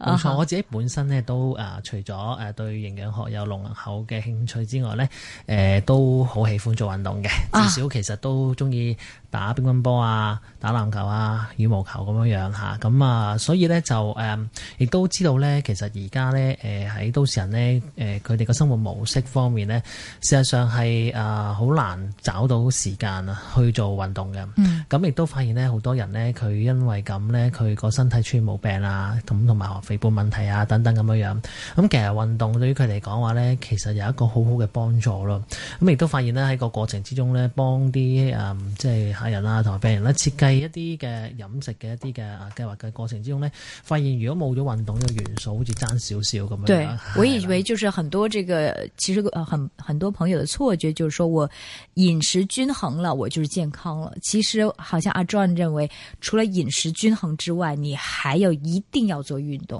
冇錯，我自己本身咧都誒，除咗誒，對營養學有濃厚嘅興趣之外咧，誒，都好喜歡做運動嘅。至少其實都中意打乒乓波啊、打籃球啊、羽毛球咁樣樣吓咁啊，所以咧就誒亦都知道咧，其實而家咧誒喺都市人咧誒佢哋個生活模式方面咧，事實上係誒好難找到時間啊去做運動嘅。咁亦都發現咧，好多人咧佢因為咁咧，佢個身體出現毛病啊，同同埋肥胖問題啊，等等咁樣樣，咁其實運動對於佢嚟講話呢，其實有一個好好嘅幫助咯。咁亦都發現呢，喺個過程之中呢，幫啲啊即係客人啊同埋病人呢設計一啲嘅飲食嘅一啲嘅啊計劃嘅過程之中呢，發現如果冇咗運動嘅、這個、元素，好似爭少少咁樣。對，我以為就是很多這個其實呃很很多朋友嘅錯覺，就是說我飲食均衡了，我就是健康了。其實好像阿 John 認為，除了飲食均衡之外，你還有一定要做運動。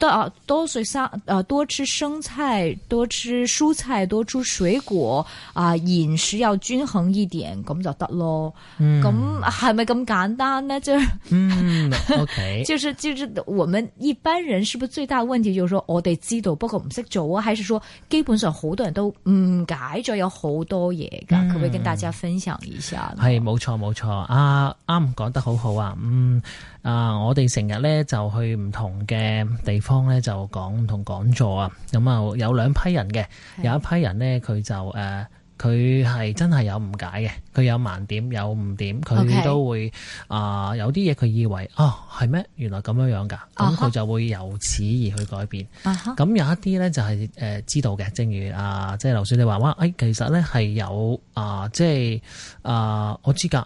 多多食生，啊，多吃生菜，多吃蔬菜，多吃水果，啊，飲食要均衡一點，咁就得咯。咁係咪咁簡單呢？即係嗯，OK，就是 就是，就是、我們一般人是不是最大的問題，就是說，我哋知道，不過唔識做啊。還是說，基本上好多人都誤解咗，有好多嘢噶。可唔可以跟大家分享一下？係，冇錯冇錯。啊，啱、啊、講得好好啊。嗯。啊！我哋成日咧就去唔同嘅地方咧就講唔同講座啊，咁、嗯、啊有兩批人嘅，有一批人咧佢就誒佢係真係有誤解嘅，佢有盲點有誤點，佢都會啊、呃、有啲嘢佢以為啊係咩？原來咁樣樣㗎，咁、嗯、佢就會由此而去改變。咁、uh -huh. 嗯、有一啲咧就係、是、誒、呃、知道嘅，正如啊、呃、即係劉雪你話哇，誒、呃、其實咧係有啊、呃、即係啊、呃、我知㗎。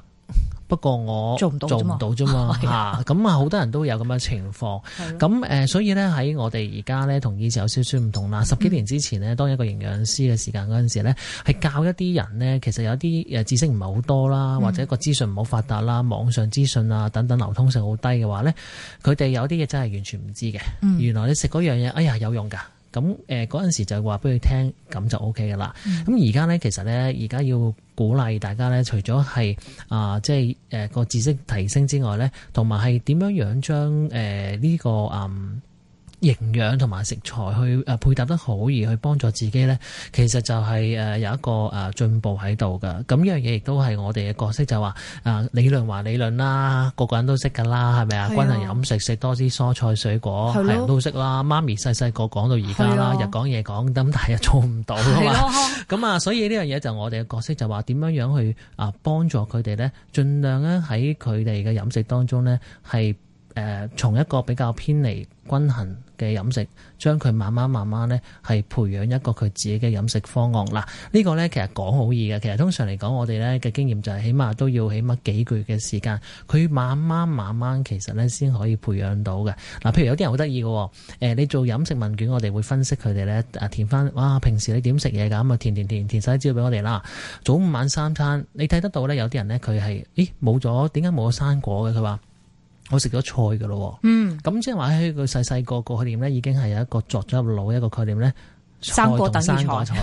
不過我做唔到做唔到啫嘛，咁啊好、啊、多人都有咁嘅情況，咁誒、啊、所以呢，喺我哋而家呢，同以前有少少唔同啦、啊。十幾年之前呢、嗯，當一個營養師嘅時間嗰陣時呢，係教一啲人呢，其實有啲知識唔係好多啦，或者個資訊唔好發達啦、嗯，網上資訊啊等等流通性好低嘅話呢，佢哋有啲嘢真係完全唔知嘅。原來你食嗰樣嘢，哎呀有用㗎！咁誒嗰陣時就話俾佢聽，咁就 O K 㗎喇。咁而家咧，其實咧，而家要鼓勵大家咧，除咗係啊，即係誒個知識提升之外咧，同埋係點樣樣將誒呢個嗯。營養同埋食材去配搭得好，而去幫助自己咧，其實就係有一個誒進步喺度㗎。咁呢樣嘢亦都係我哋嘅角色，就話誒理論話理論啦，個個人都識噶啦，係咪啊？均衡飲食，食多啲蔬菜水果，係人都識啦。媽咪細細個講到而家啦，日講夜講，咁但係又做唔到啊嘛。咁啊，所以呢樣嘢就我哋嘅角色就話點樣樣去啊幫助佢哋咧，盡量咧喺佢哋嘅飲食當中咧係誒，從一個比較偏離均衡嘅飲食，將佢慢慢慢慢咧，係培養一個佢自己嘅飲食方案。嗱，呢個咧其實講好易嘅，其實通常嚟講，我哋咧嘅經驗就係起碼都要起碼幾個月嘅時間，佢慢慢慢慢其實咧先可以培養到嘅。嗱，譬如有啲人好得意嘅，誒，你做飲食問卷，我哋會分析佢哋咧，啊，填翻，哇，平時你點食嘢噶？咁啊，填填填，填晒一招俾我哋啦。早午晚三餐，你睇得到咧？有啲人咧，佢係，咦，冇咗，點解冇咗生果嘅？佢話。我食咗菜噶咯，嗯，咁即係話喺佢細細個個概念咧，已經係有一個作咗入腦一個概念咧。生果等生果菜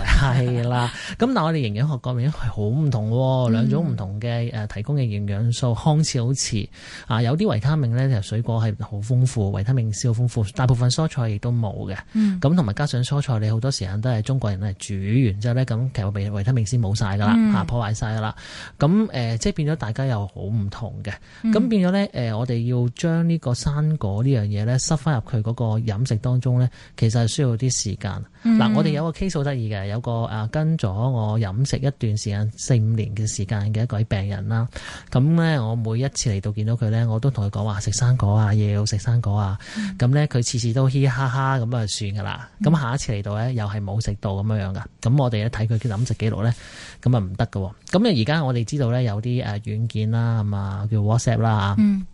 係啦，咁但 我哋營養學講嘅係好唔同喎，嗯，兩種唔同嘅誒提供嘅營養素看似好似啊，有啲維他命咧，其實水果係好豐富，維他命 C 好豐富，大部分蔬菜亦都冇嘅。嗯，咁同埋加上蔬菜你好多時間都係中國人咧煮完，完之後咧咁其實維維他命 C 冇晒噶啦，嚇破壞晒噶啦。咁誒即係變咗大家又好唔同嘅，咁，嗯、變咗咧誒我哋要將呢個生果呢樣嘢咧塞翻入佢嗰個飲食當中咧，其實係需要啲時間。嗯嗯、我哋有個 case 好得意嘅，有個、啊、跟咗我飲食一段時間四五年嘅時間嘅一個病人啦。咁咧，我每一次嚟到見到佢咧，我都同佢講話食生果啊，要食生果啊。咁咧，佢次次都嘻嘻哈哈咁啊，算噶啦。咁下一次嚟到咧，又係冇食到咁樣㗎。噶。咁我哋一睇佢嘅飲食記錄咧，咁啊唔得噶。咁咧而家我哋知道咧有啲誒軟件啦，係叫 WhatsApp 啦、嗯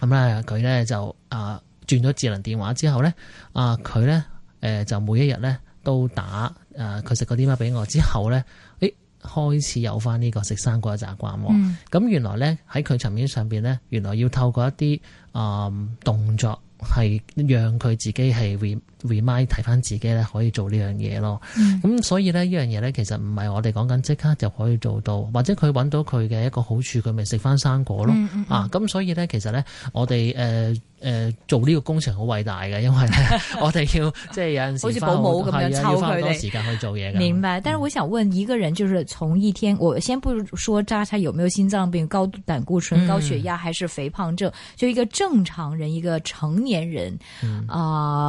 啊。咁咧佢咧就啊轉咗智能電話之後咧，啊佢咧、呃、就每一日咧。都打誒佢食嗰啲乜俾我之後咧，誒、哎、開始有翻呢個食生果嘅習慣喎。咁、嗯、原來咧喺佢層面上邊咧，原來要透過一啲誒、呃、動作係讓佢自己係 remind 睇翻自己咧可以做呢樣嘢咯。咁、嗯、所以咧呢樣嘢咧其實唔係我哋講緊即刻就可以做到，或者佢揾到佢嘅一個好處，佢咪食翻生果咯嗯嗯啊！咁所以咧其實咧我哋誒誒、呃，做呢個工程好偉大嘅，因為 我哋要即係 有陣時，好似保姆咁樣抽佢哋，要多時間去做嘢嘅。明白，但是我想問一個人，就是從一天，我先不說揸車有沒有心臟病、高膽固醇、高血壓，還是肥胖症，嗯、就一個正常人，一個成年人啊、嗯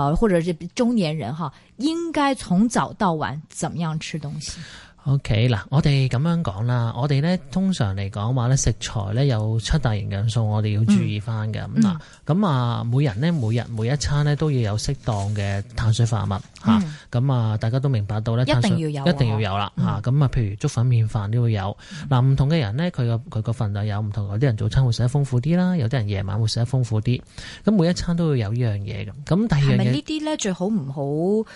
呃，或者是中年人哈。應該從早到晚，怎麼樣吃東西？OK 嗱，我哋咁樣講啦，我哋咧通常嚟講話咧食材咧有七大營養素，我哋要注意翻嘅咁嗱。咁、嗯嗯、啊，每人咧每日每一餐咧都要有適當嘅碳水化合物吓。咁、嗯、啊，大家都明白到咧，碳水一定要有，一定要有啦吓。咁啊，譬、啊、如粥粉麵飯都會有嗱。唔、嗯啊、同嘅人咧，佢個佢個份量有唔同。有啲人早餐會食得豐富啲啦，有啲人夜晚會食得豐富啲。咁、啊、每一餐都會有、啊、是是呢樣嘢咁。咁第二樣嘢，係咪呢啲咧最好唔好？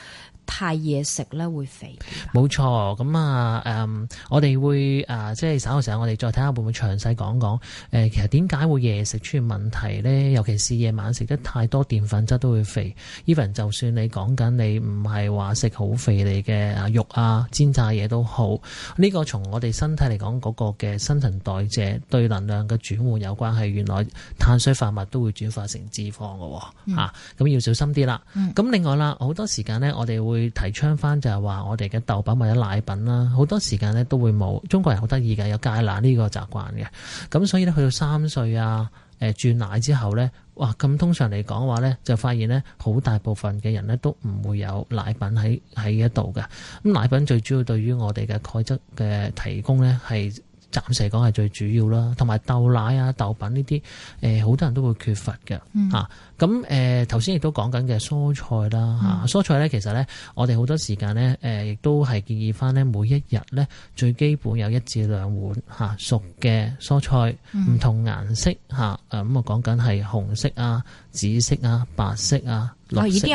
太夜食咧會肥，冇錯咁啊！誒、嗯，我哋會誒、呃，即係稍後時候我哋再睇下會唔會詳細講講誒，其實點解會夜食出現問題咧？尤其是夜晚食得太多澱粉質都會肥，even 就算你講緊你唔係話食好肥膩嘅啊肉啊煎炸嘢都好，呢、這個從我哋身體嚟講嗰個嘅新陳代謝對能量嘅轉換有關係，原來碳水化合物都會轉化成脂肪噶，吓、嗯，咁、啊、要小心啲啦。咁、嗯、另外啦，好多時間咧我哋會。會提倡翻就係話我哋嘅豆品或者奶品啦，好多時間咧都會冇。中國人好得意嘅，有戒奶呢個習慣嘅，咁所以咧去到三歲啊，誒轉奶之後咧，哇咁通常嚟講話咧就發現咧好大部分嘅人咧都唔會有奶品喺喺一度嘅。咁奶品最主要對於我哋嘅鈣質嘅提供咧係暫時嚟講係最主要啦，同埋豆奶啊豆品呢啲誒好多人都會缺乏嘅。咁誒頭先亦都講緊嘅蔬菜啦吓、嗯、蔬菜咧其實咧，我哋好多時間咧誒亦都係建議翻咧每一日咧最基本有一至兩碗吓熟嘅蔬菜，唔、嗯、同顏色吓咁啊講緊係紅色啊、紫色啊、白色啊、綠色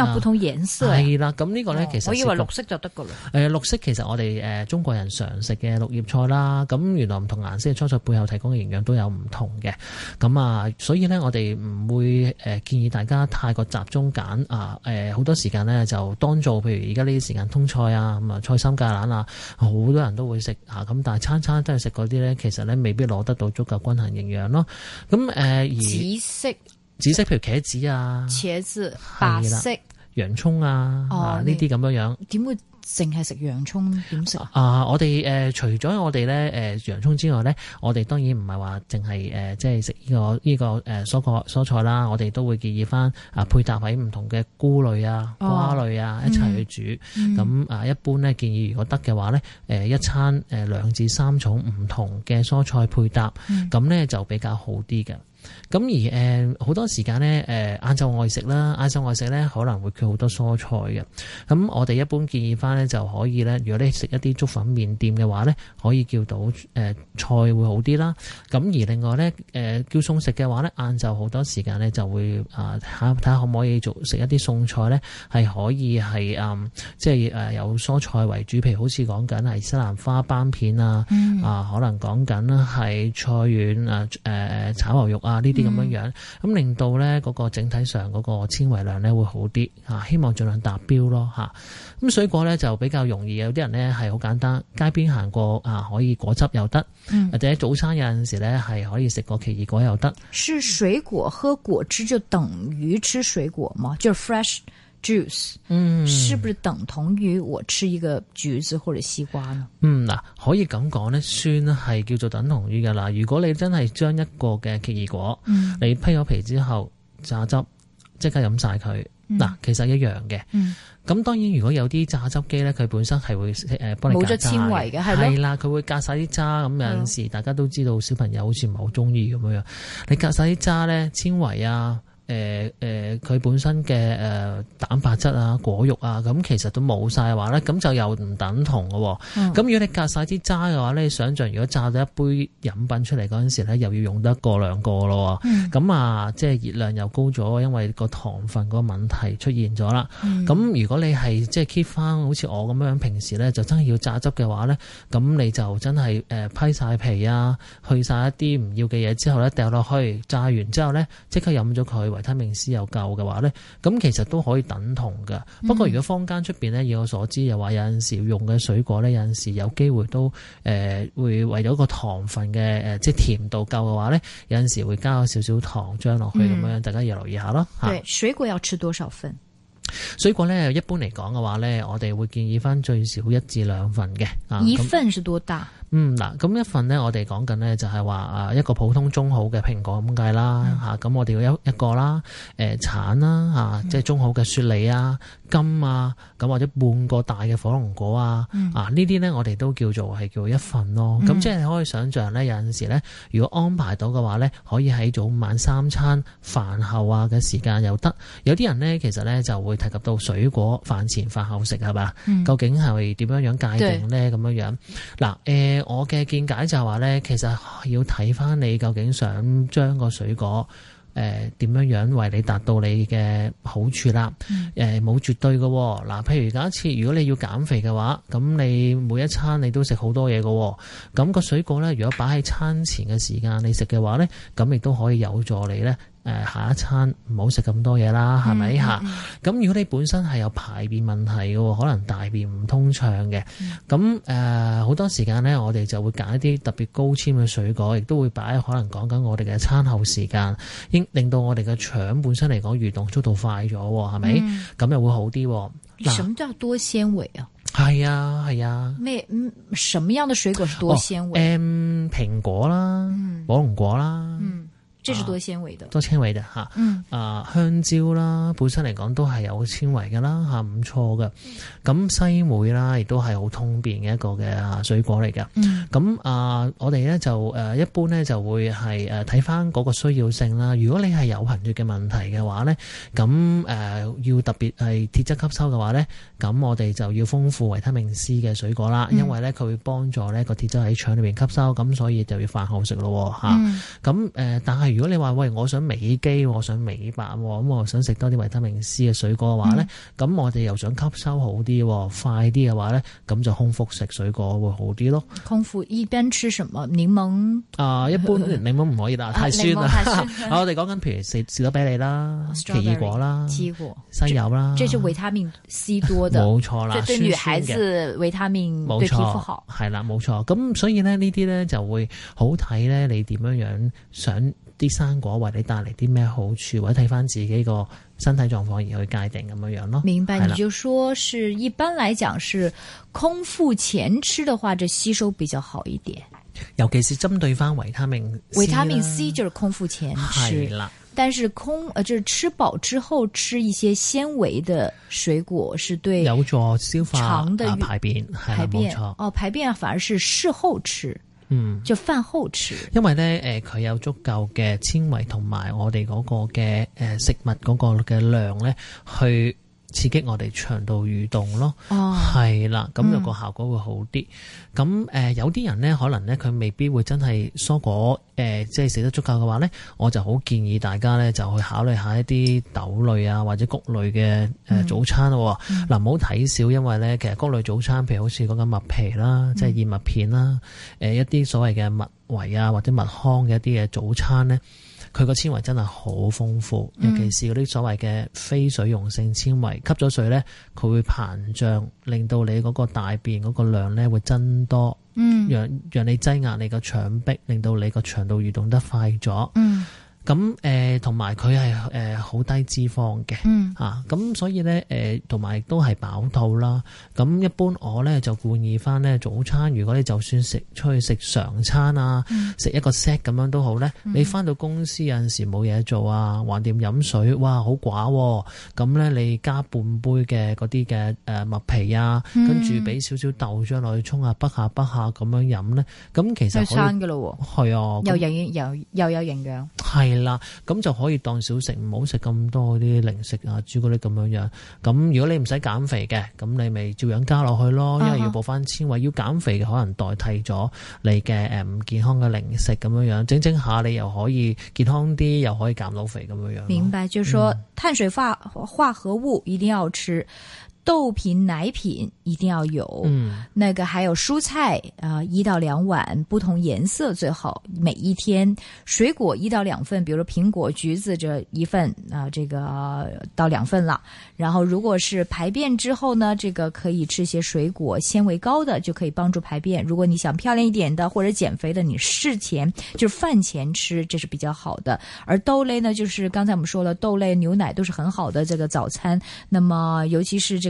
啊，係啦，咁呢、這個咧其實、哦、我以為綠色就得㗎啦。誒綠色其實我哋誒中國人常食嘅綠葉菜啦，咁原來唔同顏色嘅蔬菜背後提供嘅營養都有唔同嘅，咁啊，所以咧我哋唔會誒建議。大家太過集中揀啊，誒好多時間咧就當做，譬如而家呢啲時間通菜啊，咁啊菜心芥蘭啊，好多人都會食啊。咁但係餐餐都係食嗰啲咧，其實咧未必攞得到足夠均衡營養咯。咁誒紫色、紫色譬如茄子啊，茄子、白色、洋葱啊，啊呢啲咁樣樣點會？淨係食洋葱，點食啊！我哋誒、呃，除咗我哋咧誒洋葱之外咧，我哋當然唔係話淨係誒，即係食呢個呢、這個誒蔬果蔬菜啦。我哋都會建議翻啊配搭喺唔同嘅菇類啊瓜類啊一齊去煮。咁、哦、啊、嗯嗯，一般咧建議如果得嘅話咧，誒一餐誒兩至三種唔同嘅蔬菜配搭，咁、嗯、咧就比較好啲嘅。咁而誒好多時間咧誒晏晝外食啦，晏晝外食咧可能會缺好多蔬菜嘅。咁我哋一般建議返咧就可以咧，如果你食一啲粥粉麵店嘅話咧，可以叫到誒、呃、菜會好啲啦。咁而另外咧誒、呃、叫餸食嘅話咧，晏晝好多時間咧就會啊睇下睇下可唔可以做食一啲餸菜咧，係可以係、嗯、即係誒有蔬菜為主，譬如好似講緊係西蘭花斑片、嗯、啊，啊可能講緊係菜遠啊誒炒牛肉啊。啊、嗯！呢啲咁樣樣，咁令到咧嗰個整體上嗰個纖維量咧會好啲啊！希望盡量達標咯吓。咁水果咧就比較容易，有啲人咧係好簡單，街邊行過啊可以果汁又得、嗯，或者早餐有陣時咧係可以食個奇異果又得。是水果喝果汁就等於吃水果嗎？就是、fresh。juice，嗯，是不是等同於我吃一個橘子或者西瓜呢？嗯、嗱、啊，可以咁講呢，算係叫做等同於噶啦。如果你真係將一個嘅奇異果，嗯、你批咗皮之後榨汁，即刻飲晒佢，嗱、嗯啊，其實一樣嘅。咁、嗯、當然，如果有啲榨汁機呢，佢本身係會誒，冇咗纖維嘅係咪？係啦，佢會隔晒啲渣，咁有陣時大家都知道，小朋友好似唔係好中意咁樣樣。你隔晒啲渣呢，纖維啊。誒、呃、誒，佢、呃、本身嘅誒、呃、蛋白質啊、果肉啊，咁其實都冇晒嘅話咧，咁就又唔等同嘅、啊。咁、嗯、如果你隔晒啲渣嘅話咧，你想象如果榨咗一杯飲品出嚟嗰陣時咧，又要用得過兩個咯、啊。咁、嗯、啊，即係熱量又高咗，因為個糖分個問題出現咗啦。咁、嗯、如果你係即係 keep 翻好似我咁樣平時咧，就真係要榨汁嘅話咧，咁你就真係誒、呃、批晒皮啊，去晒一啲唔要嘅嘢之後咧，掉落去榨完之後咧，即刻飲咗佢。維他命 C 有夠嘅話咧，咁其實都可以等同噶。不過如果坊間出邊咧，以我所知又話有陣時用嘅水果咧，有陣時有機會都誒、呃、會為咗個糖分嘅誒即係甜度夠嘅話咧，有陣時會加少少糖漿落去咁、嗯、樣，大家要留意下咯吓。水果要吃多少份？水果咧一般嚟講嘅話咧，我哋會建議返最少一至兩份嘅。一份是多大？嗯嗱，咁一份咧，我哋講緊咧就係話啊一個普通中好嘅蘋果咁計啦吓，咁、嗯啊、我哋要一一個啦，誒、呃、橙啦吓，即、啊、係、就是、中好嘅雪梨啊、柑啊，咁或者半個大嘅火龍果、嗯、啊，啊呢啲咧我哋都叫做係叫一份咯。咁即係你可以想象咧，有陣時咧如果安排到嘅話咧，可以喺早晚三餐飯後啊嘅時間又得。有啲人咧其實咧就會提及到水果飯前飯後食係嘛、嗯？究竟係點樣樣界定咧咁樣樣？嗱、嗯、誒。嗯我嘅見解就係話呢，其實要睇翻你究竟想將個水果誒點、呃、樣樣為你達到你嘅好處啦。誒、呃，冇絕對嘅、哦。嗱、呃，譬如假設如果你要減肥嘅話，咁你每一餐你都食好多嘢嘅、哦。咁個水果呢，如果擺喺餐前嘅時間你食嘅話呢，咁亦都可以有助你呢。誒，下一餐唔好食咁多嘢啦，係咪吓？咁、嗯、如果你本身係有排便問題嘅，可能大便唔通暢嘅，咁誒好多時間咧，我哋就會揀一啲特別高纖嘅水果，亦都會擺可能講緊我哋嘅餐後時間，應令到我哋嘅腸本身嚟講蠕動速度快咗，係咪？咁、嗯、又會好啲。什麼叫多纖維啊？係啊，係啊。咩、啊嗯？什麼樣嘅水果是多纖維、哦？嗯，蘋果啦，嗯、火龍果啦。嗯這是多纖維的，啊、多纖維嘅吓，啊、嗯、啊香蕉啦，本身嚟講都係有纖維噶啦，吓、啊、唔錯嘅。咁、嗯啊、西梅啦，亦都係好通便嘅一個嘅水果嚟嘅。咁、嗯、啊，我哋咧就誒、啊、一般咧就會係誒睇返嗰個需要性啦。如果你係有貧血嘅問題嘅話咧，咁誒、啊、要特別係鐵質吸收嘅話咧，咁我哋就要豐富維他命 C 嘅水果啦，嗯、因為咧佢會幫助咧個鐵質喺腸裏面吸收，咁所以就要飯後食咯吓。咁、嗯、誒、啊啊，但係。如果你話喂，我想美肌，我想美白，咁我想食多啲維他命 C 嘅水果嘅話咧，咁、嗯、我哋又想吸收好啲、嗯，快啲嘅話咧，咁就空腹食水果會好啲咯。空腹一邊吃什麼檸檬，呃檸檬？ 啊，一般檸檬唔可以啦，太酸啦。我哋講緊譬如食士多你梨啦、奇異果啦、奇異果、西柚啦，即係維他命 C 多的，冇 錯啦。對女孩子，維他命對皮膚好，係啦，冇錯。咁所以咧呢啲咧就會好睇咧，你點樣樣想啲生果為你帶嚟啲咩好處，或者睇翻自己個身體狀況而去界定咁樣樣咯。明白，你就說是一般來講是空腹前吃的話，就吸收比較好一點。尤其是針對翻維他命，維他命 C 就是空腹前吃。係啦，但是空，呃、就是吃飽之後吃一些纖維的水果是對有助消化腸的排便、啊、排便、排便。啊、哦，排便反而是事後吃。嗯，就飯後吃，嗯，因為咧，誒、呃，佢有足夠嘅纖維同埋我哋嗰個嘅誒食物嗰個嘅量咧，去，刺激我哋腸道蠕動咯，係啦、哦，咁就個效果會好啲。咁誒、嗯、有啲人呢，可能呢，佢未必會真係蔬果誒，即係食得足夠嘅話呢，我就好建議大家呢，就去考慮一下一啲豆類啊或者穀類嘅誒早餐咯。嗱、嗯，唔好睇少，因為呢，其實穀類早餐，譬如好似講緊麥皮啦，即係、嗯、燕麥片啦，誒、呃、一啲所謂嘅麥維啊或者麥糠嘅一啲嘅早餐呢。佢個纖維真係好豐富，尤其是嗰啲所謂嘅非水溶性纖維，吸咗水呢，佢會膨脹，令到你嗰個大便嗰個量呢會增多，讓讓你擠壓你個腸壁，令到你個腸道蠕動得快咗。嗯咁誒同埋佢係誒好低脂肪嘅，嚇、嗯、咁、啊、所以咧誒同埋都係飽肚啦。咁一般我咧就建議翻咧早餐，如果你就算食出去食常餐啊，食、嗯、一個 set 咁樣都好咧、嗯。你翻到公司有陣時冇嘢做啊，橫掂飲水，哇好寡喎、啊。咁咧你加半杯嘅嗰啲嘅誒麥皮啊，嗯、跟住俾少少豆漿落去沖啊，畢下畢下咁樣飲咧。咁其實好餐㗎咯，喎係啊，又營又又有營養係啦，咁就可以當小食，唔好食咁多啲零食啊，朱古力咁樣樣。咁如果你唔使減肥嘅，咁你咪照樣加落去咯。因為要補翻纖維，要減肥嘅可能代替咗你嘅誒唔健康嘅零食咁樣樣，整整下你又可以健康啲，又可以減到肥咁樣樣。明白，嗯、就係、說碳水化化合物一定要吃。豆品、奶品一定要有，嗯，那個還有蔬菜啊、呃，一到兩碗不同顏色最好。每一天水果一到兩份，比如說蘋果、橘子這一份啊、呃，這個到兩份了。然後如果是排便之後呢，這個可以吃些水果，纖維高的就可以幫助排便。如果你想漂亮一點的或者減肥的，你事前就是飯前吃，這是比較好的。而豆類呢，就是剛才我們說了，豆類、牛奶都是很好的這個早餐。那麼尤其是這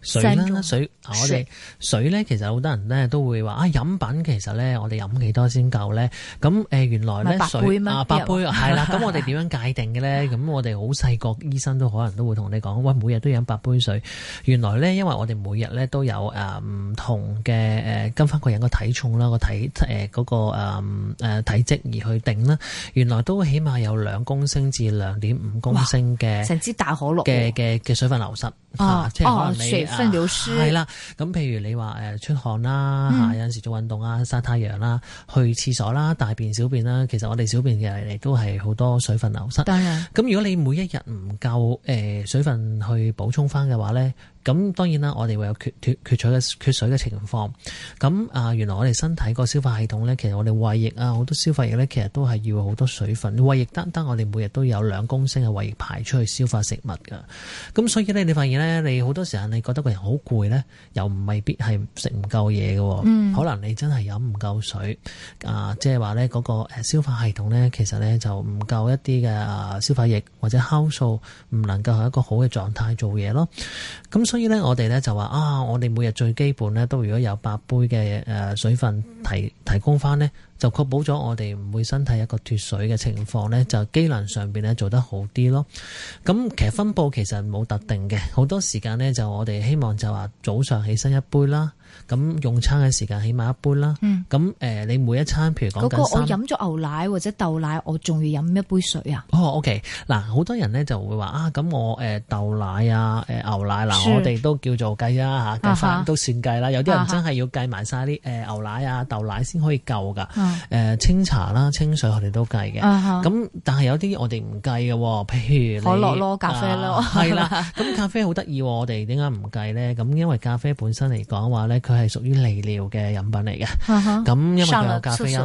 水啦，水，啊、我哋水咧，其實好多人咧都會話啊，飲品其實咧，我哋飲幾多先夠咧？咁誒、呃，原來咧，水啊，啊，八杯係啦。咁 我哋點樣界定嘅咧？咁 我哋好細個，醫生都可能都會同你講，喂，每日都要飲八杯水。原來咧，因為我哋每日咧都有誒唔、嗯、同嘅誒，跟翻個人個體重啦，體呃那個、嗯、體誒嗰個誒誒體積而去定啦。原來都起碼有兩公升至兩點五公升嘅成支大可樂嘅嘅嘅水分流失、啊啊、即係、哦。你水、啊、分流失，係啦，咁、啊、譬如你話誒出汗啦、嗯，有陣時做運動啊，曬太陽啦，去廁所啦，大便小便啦，其實我哋小便嘅嚟，都係好多水分流失。當、嗯、然，咁如果你每一日唔夠誒水分去補充翻嘅話呢。咁當然啦，我哋會有缺水嘅缺，缺水嘅情況。咁啊、呃，原來我哋身體個消化系統咧，其實我哋胃液啊，好多消化液咧，其實都係要好多水分。胃液單單我哋每日都有兩公升嘅胃液排出去消化食物㗎。咁所以咧，你發現咧，你好多時候你覺得個人好攰咧，又唔未必係食唔夠嘢嘅，可能你真係飲唔夠水啊、呃，即係話咧嗰個誒消化系統咧，其實咧就唔夠一啲嘅消化液或者酵素，唔能夠喺一個好嘅狀態做嘢咯。咁所以。所以咧，我哋咧就話啊，我哋每日最基本咧都如果有八杯嘅誒水分提提供翻咧，就確保咗我哋唔會身體一個脫水嘅情況咧，就機能上面咧做得好啲咯。咁其實分佈其實冇特定嘅，好多時間咧就我哋希望就話早上起身一杯啦，咁用餐嘅時間起碼一杯啦。咁、嗯、你每一餐譬如講，嗰、嗯那個、我飲咗牛奶或者豆奶，我仲要飲一杯水、哦 okay、啊？哦，OK，嗱，好多人咧就會話啊，咁我豆奶啊、牛奶嗱，我哋都叫做計啦嚇，計翻、啊、都算計啦。有啲人真係要計埋晒啲牛奶啊、豆奶先可以夠噶。誒、呃，清茶啦，清水我哋都計嘅，咁、uh -huh. 但係有啲我哋唔計嘅，譬如你攞咯、 啊、 咖啡咯，係啦，咁咖啡好得意，我哋點解唔計咧？咁因為咖啡本身嚟講話咧，佢係屬於利尿嘅飲品嚟嘅，咁、uh -huh. 因為佢有咖啡因，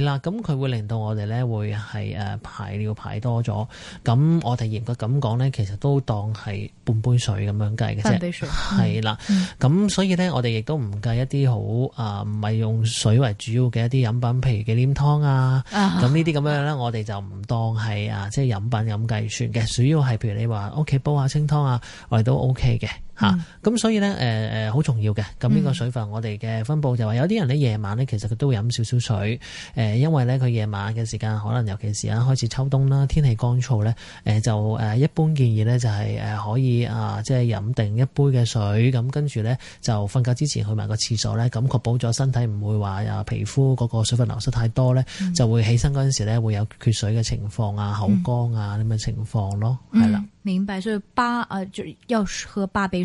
係 啦，咁佢會令到我哋咧會係誒排尿排多咗，咁 我哋嚴格咁講咧，其實都當係半杯水咁樣計嘅啫，係 啦，咁 所以咧我哋亦都唔計一啲好啊唔係用水為主要嘅一啲飲品。咁譬如忌廉湯啊，咁呢啲咁樣咧，我哋就唔當係啊，即係飲品咁計算嘅，主要係譬如你話屋企煲下清湯啊，我哋都 O K 嘅。吓、嗯，咁、啊、所以咧，誒、呃、誒，好重要嘅。咁呢個水分，嗯、我哋嘅分布就話，有啲人咧夜晚咧，其實佢都會飲少少水。誒、呃，因為咧佢夜晚嘅時間，可能尤其是啊開始秋冬啦，天氣乾燥咧，誒、呃、就誒一般建議咧就係，誒可以啊，即、呃、係、就是、飲定一杯嘅水，咁跟住咧就瞓覺之前去埋個廁所咧，咁確保咗身體唔會話啊皮膚嗰個水分流失太多咧、嗯，就會起身嗰陣時咧會有缺水嘅情況啊、嗯、口乾啊啲咁嘅情況咯，係、嗯、啦。明白，所以巴啊，就要喝八杯。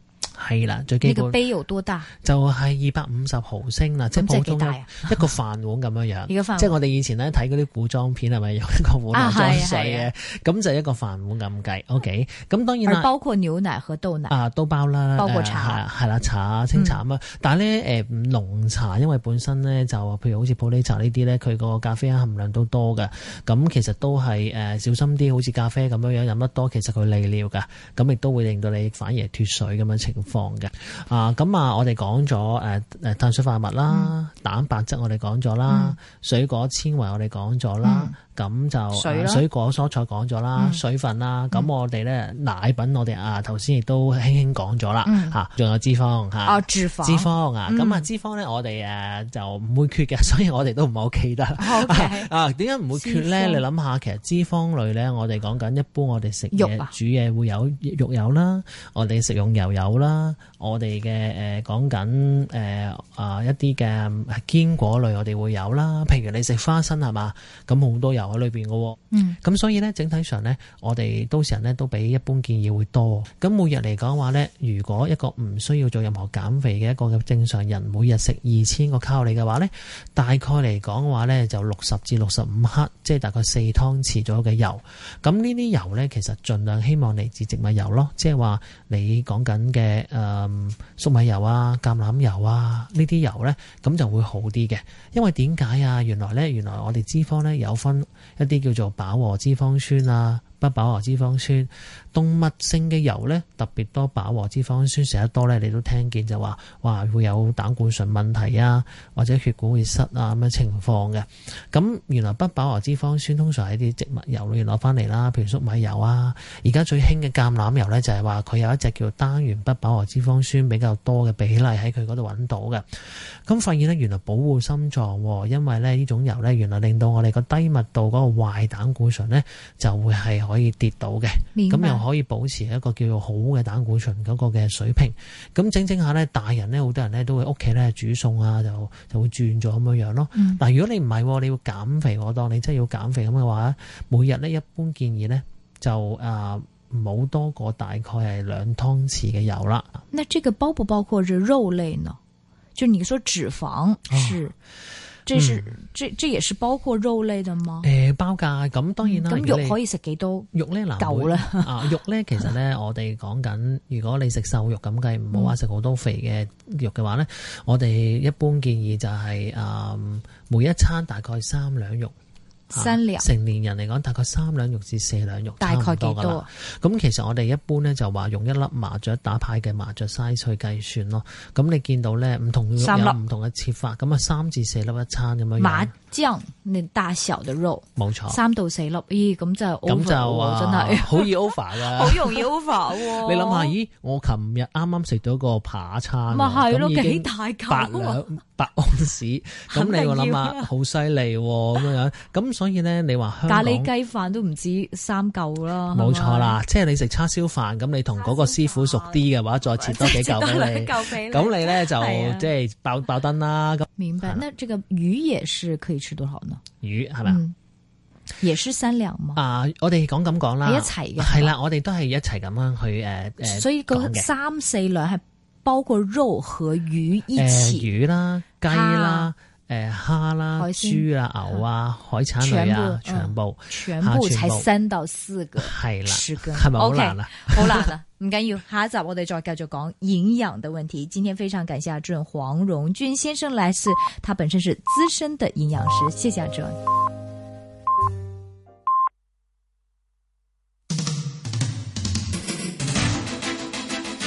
係啦，最基本。那個杯有多大？就係二百五十毫升啦，即係普通嘅一個飯碗咁樣樣。而飯 碗，即係我哋以前咧睇嗰啲古裝片，係咪有一個碗裝水嘅？咁、啊、就一個飯碗咁計。O K，咁當然啦，包括牛奶和豆奶啊，都包啦，包括茶係啦、呃，茶清茶咁啊、嗯。但係咧，誒、呃、濃茶，因為本身咧就譬如好似普洱茶呢啲咧，佢個咖啡因含量都多噶。咁其實都係誒、呃、小心啲，好似咖啡咁樣樣飲得多，其實佢利尿噶。咁亦都會令到你反而係脫水咁樣情。放嘅啊，咁、嗯、啊，我哋講咗誒誒，碳水化合物啦，蛋白質我哋講咗啦，水果纖維我哋講咗啦。咁就水，水果、蔬菜講咗啦，水分啦。咁、嗯、我哋咧奶品我，我哋啊頭先亦都輕輕講咗啦。仲、嗯啊、有脂肪嚇、啊啊，脂肪啊。咁、嗯、啊，脂肪咧，我哋誒就唔會缺嘅，所以我哋都唔 OK 得。啊，點解唔會缺咧？你諗下，其實脂肪類咧，我哋講緊一般我，我哋食嘢煮嘢會有肉油啦，我哋食用油油啦，我哋嘅誒講緊誒啊一啲嘅堅果類我哋會有啦。譬如你食花生係嘛，咁好多油喺裏邊嘅、哦、咁、嗯、所以呢，整體上呢，我哋都市人呢都比一般建議會多。咁每日嚟講話呢，如果一個唔需要做任何減肥嘅一個正常人，每日食二千個卡路里嘅話呢，大概嚟講嘅話呢就六十至六十五克，即係大概四湯匙左右嘅油。咁呢啲油呢，其實盡量希望嚟自植物油咯，即係話你講緊嘅誒，粟米油啊、橄欖油啊呢啲油呢，咁就會好啲嘅。因為點解啊？原來呢，原來我哋脂肪呢，有分。一啲叫做飽和脂肪酸啊，不飽和脂肪酸，動物性嘅油呢，特別多飽和脂肪酸，食得多呢，你都聽見就話哇會有膽固醇問題啊，或者血管會塞啊咁嘅情況嘅。咁原來不飽和脂肪酸通常喺啲植物油裏面攞翻嚟啦，譬如粟米油啊。而家最興嘅橄欖油呢，就係話佢有一隻叫單元不飽和脂肪酸比較多嘅比例喺佢嗰度揾到嘅。咁發現呢，原來保護心臟，哦，因為呢呢種油呢，原來令到我哋個低密度嗰個壞膽固醇呢，就會係。可以跌到嘅，咁又可以保持一個叫做好嘅膽固醇嗰個嘅水平。咁整整下咧，大人咧，好多人咧都會屋企咧煮餸啊，就就會轉咗咁樣樣咯。但、嗯、如果你唔係、哦，你要減肥，我當你真係要減肥咁嘅話，每日咧一般建議咧就啊冇、呃、多過大概係兩湯匙嘅油啦。嗱，呢個包不包括隻肉類呢？就你說脂肪、哦、是。這是這、嗯、這也是包括肉類的嗎？誒、呃，包噶，咁當然啦。咁、嗯、肉可以食幾多？肉呢？嗱，夠、啊、啦。肉呢？其實呢， 我哋講緊，如果你食瘦肉咁計，唔好話食好多肥嘅肉嘅話呢、嗯。我哋一般建議就係、是、誒、嗯，每一餐大概三兩肉。三、啊、成年人嚟講，大概三兩肉至四兩肉，大概幾多？咁其實我哋一般咧就話用一粒麻雀打牌嘅麻雀 size 去計算咯。咁你見到咧唔同肉有唔同嘅切法，咁啊三至四粒一餐咁樣。將你大小的肉冇錯，三到四粒，咦咁就，係就是，真係好易 over 噶，好容易 over。 容易 over 啊、 你諗下，咦我琴日啱啱食咗個扒餐，咪係咯，幾大嚿啊，八兩八盎士，咁你我諗下，好犀利咁樣。咁所以呢，你話香港咖喱雞飯都唔止三嚿啦，冇 錯啦，即、就、係、是、你食叉燒飯，咁你同嗰個師傅熟啲嘅話，再切多幾嚿俾你，咁 你咧、啊、就即係爆爆燈啦。明白。那、啊、這個魚也是可以。吃多少呢？魚係咪、嗯，也是三兩嘛啊，我哋講咁講啦，一齊嘅係啦，我哋都係一齊咁樣去誒誒、呃，所以嗰三四兩係包括肉和魚一起，呃、魚啦，雞啦。誒，蝦啦、豬啊、牛啊、海產類啊，全部，全部、啊、全部才三到四個，係啦，十個，係咪，okay, 好難啊？好難啊！咁跟住下集我哋就繼續講營養的問題。 今天非常感謝阿俊黃榮俊先生，來自，他本身是資深的營養師，謝謝阿俊。